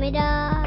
ไม่ได้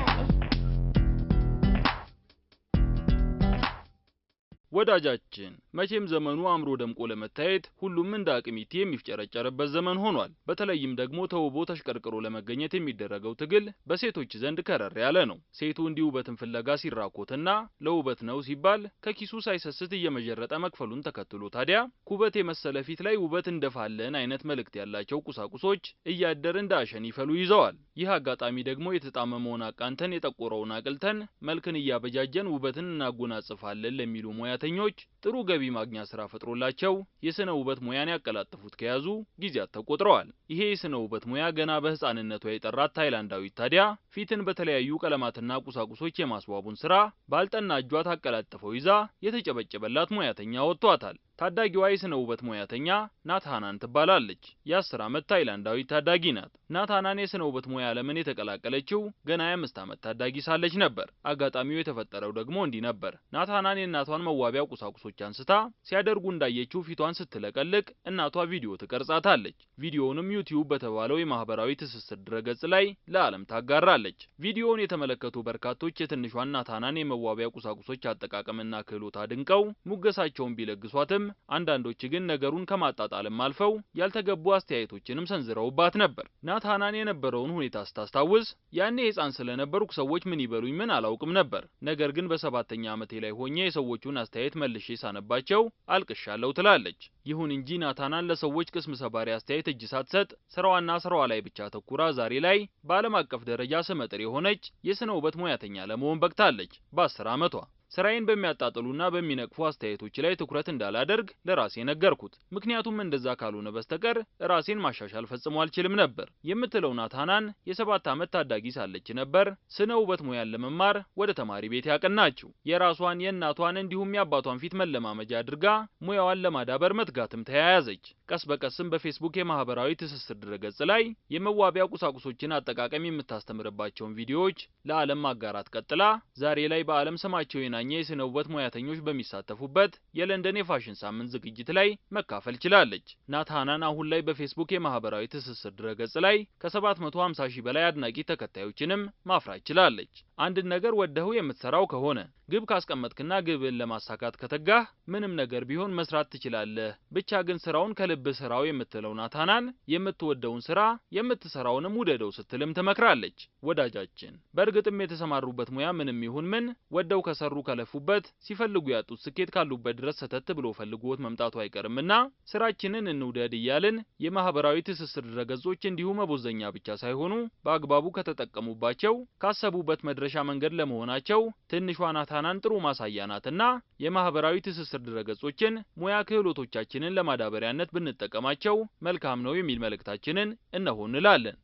ወዳጃችን መቼም ዘመኑ አምሮ ደምቆ ለመታየት ሁሉም እንደ አቅሚቴ የሚፍጨረጨርበት ዘመን ሆኗል። በተለይም ደግሞ ተውቦ ተሽቀርቅሮ ለመገኘት የሚደረገው ትግል በሴቶች ዘንድ ከረር ያለ ነው። ሴቱ እንዲህ ውበትን ፍለጋ ሲራኮትና ለውበት ነው ሲባል ከኪሱ ሳይሰስት እየመጀረጠ መክፈሉን ተከትሎ ታዲያ ኩበት የመሰለ ፊት ላይ ውበት እንደፋለን አይነት መልእክት ያላቸው ቁሳቁሶች እያደር እንደ አሸን ይፈሉ ይዘዋል። ይህ አጋጣሚ ደግሞ የተጣመመውን አቃንተን የጠቆረውን አቅልተን መልክን እያበጃጀን ውበትን እናጎናጽፋለን ለሚሉ ሙያ ሙያተኞች ጥሩ ገቢ ማግኛ ስራ ፈጥሮላቸው የስነ ውበት ሙያን ያቀላጥፉት ከያዙ ጊዜያት ተቆጥረዋል። ይሄ የስነ ውበት ሙያ ገና በህፃንነቷ የጠራት ታይላንዳዊት ታዲያ ፊትን በተለያዩ ቀለማትና ቁሳቁሶች የማስዋቡን ስራ ባልጠና እጇ ታቀላጥፈው ይዛ የተጨበጨበላት ሙያተኛ ወጥቷታል። ታዳጊዋ የስነ ውበት ሙያተኛ ናታናን ትባላለች። የአስር ዓመት ታይላንዳዊ ታዳጊ ናት። ናታናን የስነ ውበት ሙያ ለምን የተቀላቀለችው ገና የአምስት ዓመት ታዳጊ ሳለች ነበር። አጋጣሚው የተፈጠረው ደግሞ እንዲህ ነበር። ናታናን የእናቷን መዋቢያ ቁሳቁሶች አንስታ ሲያደርጉ እንዳየችው ፊቷን ስትለቀልቅ እናቷ ቪዲዮ ትቀርጻታለች። ቪዲዮውንም ዩቲዩብ በተባለው የማህበራዊ ትስስር ድረገጽ ላይ ለዓለም ታጋራለች። ቪዲዮውን የተመለከቱ በርካቶች የትንሿን ናታናን የመዋቢያ ቁሳቁሶች አጠቃቀምና ክህሎት አድንቀው ሙገሳቸውን ቢለግሷትም አንዳንዶች ግን ነገሩን ከማጣጣልም አልፈው ያልተገቡ አስተያየቶችንም ሰንዝረውባት ነበር። ናታናን የነበረውን ሁኔታ ስታስታውስ ያኔ ሕፃን ስለነበርኩ ሰዎች ምን ይበሉኝ ምን አላውቅም ነበር። ነገር ግን በሰባተኛ ዓመቴ ላይ ሆኜ የሰዎቹን አስተያየት መልሼ ሳነባቸው አልቅሻለሁ ትላለች። ይሁን እንጂ ናታናን ለሰዎች ቅስም ሰባሪ አስተያየት እጅ ሳትሰጥ ስራዋና ስራዋ ላይ ብቻ ተኩራ ዛሬ ላይ በዓለም አቀፍ ደረጃ ስመጥር የሆነች የስነ ውበት ሙያተኛ ለመሆን በቅታለች በአስር ዓመቷ። ስራዬን በሚያጣጥሉና በሚነቅፉ አስተያየቶች ላይ ትኩረት እንዳላደርግ ለራሴ ነገርኩት። ምክንያቱም እንደዛ ካልሆነ በስተቀር ራሴን ማሻሻል ፈጽሞ አልችልም ነበር የምትለው ናታናን የሰባት ዓመት ታዳጊ ሳለች ነበር ስነ ውበት ሙያን ለመማር ወደ ተማሪ ቤት ያቀናችው። የራሷን የእናቷን እንዲሁም የአባቷን ፊት መለማመጃ አድርጋ ሙያዋን ለማዳበር መትጋትም ተያያዘች። ቀስ በቀስም በፌስቡክ የማህበራዊ ትስስር ድረገጽ ላይ የመዋቢያ ቁሳቁሶችን አጠቃቀም የምታስተምርባቸውን ቪዲዮዎች ለዓለም ማጋራት ቀጥላ ዛሬ ላይ በዓለም ስማቸው መገናኛ የስነ ውበት ሙያተኞች በሚሳተፉበት የለንደን የፋሽን ሳምንት ዝግጅት ላይ መካፈል ችላለች። ናታናን አሁን ላይ በፌስቡክ የማህበራዊ ትስስር ድረገጽ ላይ ከ750 ሺህ በላይ አድናቂ ተከታዮችንም ማፍራት ችላለች። አንድን ነገር ወደው የምትሰራው ከሆነ ግብ ካስቀመጥክና ግብን ለማሳካት ከተጋህ ምንም ነገር ቢሆን መስራት ትችላለህ። ብቻ ግን ስራውን ከልብ ስራው የምትለው ናታናን የምትወደውን ስራ የምትሰራውንም ውደደው ስትልም ትመክራለች ወዳጃችን። በእርግጥም የተሰማሩበት ሙያ ምንም ይሁን ምን ወደው ከሰሩ ከለፉበት ሲፈልጉ ያጡት ስኬት ካሉበት ድረስ ሰተት ብሎ ፈልጎት መምጣቱ አይቀርምና ስራችንን እንውደድ እያልን የማህበራዊ ትስስር ድረገጾች እንዲሁ መቦዘኛ ብቻ ሳይሆኑ በአግባቡ ከተጠቀሙባቸው ካሰቡበት መድረሻ መንገድ ለመሆናቸው ትንሿ ናታናን ጥሩ ማሳያ ናትና የማህበራዊ ትስስር ድረገጾችን ሙያ ክህሎቶቻችንን ለማዳበሪያነት ብንጠቀማቸው መልካም ነው የሚል መልእክታችንን እነሆ እንላለን።